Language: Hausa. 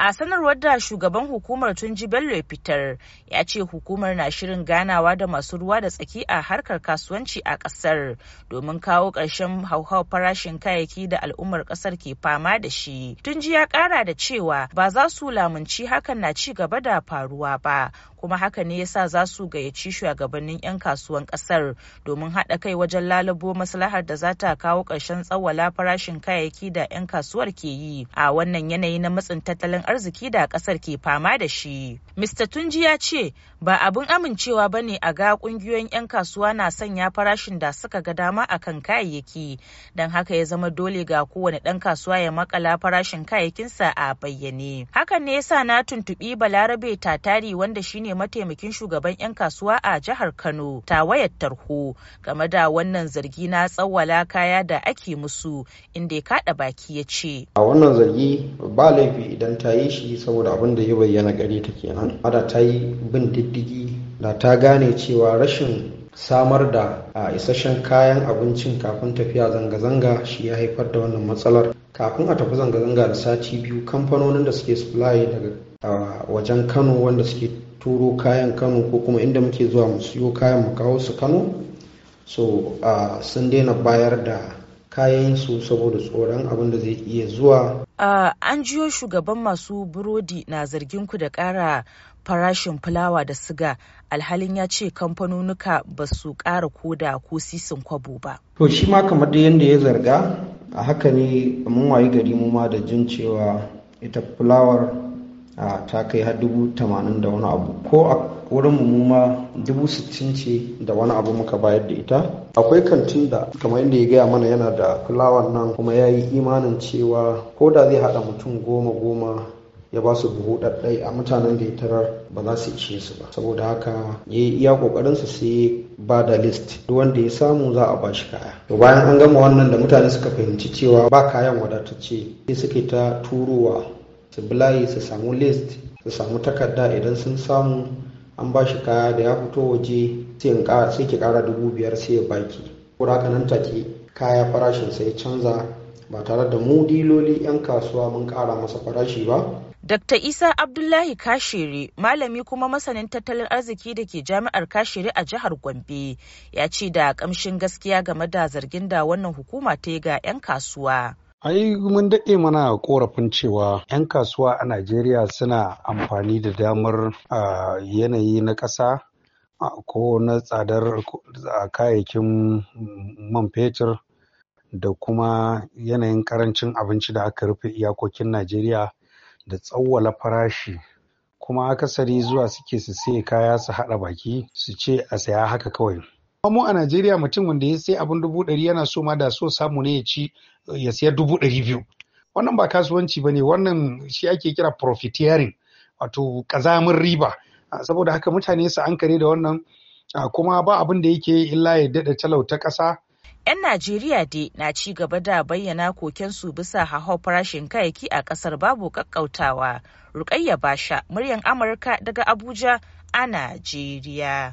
a sanarwar da shugaban hukumar tunji bello ya fitar ya ce hukumar na shirin ganawa da masu ruwa da tsaki a harkar kasuwanci a kasar domin kawo ƙarshen hauhau farashin kayayyaki da al'ummar kasar ke fama da shi tunji ya ƙara da cewa ba za su lamunci hakan na ci gaba da faruwa ba kuma haka ne yasa za su gayyaci shugabannin 'yan kasuwan kasar domin haɗa kai wajen lalubo maslahar da za ta kawo ƙarshen tsawala farashin kayayyaki da 'yan kasuwar ke yi a wannan yanayi na matsin tattalin arziki da ƙasar ke fama da shi. Mr. Tunji ya ce ba abin amincewa ba ne a ga ƙungiyoyin 'yan kasuwa na sanya farashin da suka ga dama a kan kayayyaki don haka ya zama dole ga kowane ɗan kasuwa ya makala farashin kayayyakinsa a bayyane. Hakan ne yasa na tuntuɓi Balarabe Tatari wanda shine shine mataimakin shugaban 'yan kasuwa a jihar Kano ta wayar tarho game da wannan zargi na tsawala kaya da ake musu inda ya kada baki ya ce. A wannan zargi ba laifi idan ta yi shi saboda abin da ya bayyana gare ta kenan. Ada ta yi bin diddigi da ta gane cewa rashin samar da a isasshen kayan abincin kafin tafiya zanga-zanga shi ya haifar da wannan matsalar kafin a tafi zanga-zanga da sati biyu kamfanonin da suke supply daga a wajen kano wanda suke turo kayan kano ko kuma inda muke zuwa mu siyo kayan mu kawo su kano so sun daina bayar da kayan su saboda tsoron abin da zai iya zuwa Uh, an jiyo shugaban masu burodi na zargin ku da ƙara farashin fulawa da siga alhalin ya ce kamfanonuka ba su ƙara koda ko sisin kwabo ba. To shi ma kamar da yadda ya zarga a haka ne mun wayi gari mu ma da jin cewa ita fulawar ta kai har dubu tamanin da wani abu ko a wurin mu ma dubu sittin ce da wani abu muka bayar da ita akwai kantin da kamar inda ya gaya mana yana da fulawan nan kuma ya yi imanin cewa ko da zai haɗa mutum goma goma ya ba su buhu ɗaɗɗai a mutanen da ya tarar ba za su ishe su ba saboda haka ya yi iya su sai ba da list duk wanda ya samu za a ba shi kaya to bayan an gama wannan da mutane suka fahimci cewa ba kayan wadatacce sai suke ta turowa su bilayi su samu list su samu takarda idan sun samu an ba shi kaya da ya fito waje sai ki kara dubu biyar sai ya baki kura ka nan take kaya farashin sai canza ba tare da mu diloli 'yan kasuwa mun kara masa farashi ba Dr. Isa Abdullahi Kashiri, malami kuma masanin tattalin arziki da ke jami'ar Kashiri a jihar Gombe, ya ce da kamshin gaskiya game da zargin da wannan hukuma ta ga 'yan kasuwa. Ai mun daɗe mana korafin cewa 'yan kasuwa a Najeriya suna amfani da damar yanayi na ƙasa ko na tsadar kayayyakin man fetur da kuma yanayin ƙarancin abinci da aka rufe iyakokin Najeriya da tsawwala farashi kuma akasari zuwa suke su saye kaya su haɗa baki su ce a saya haka kawai. Amma mu a Najeriya mutum wanda ya sai abin dubu ɗari yana so ma da so samu ne ya ci ya sayar dubu ɗari biyu. Wannan ba kasuwanci ba ne wannan shi ake kira profiteering wato ƙazamin riba. Saboda haka mutane su ankare da wannan kuma ba abin da yake illa ya daɗa talauta ƙasa. 'Yan Najeriya dai na ci gaba da bayyana kokensu bisa haho farashin kayayyaki a ƙasar babu ƙaƙƙautawa. Rukayya Basha, muryar Amurka daga Abuja a Najeriya.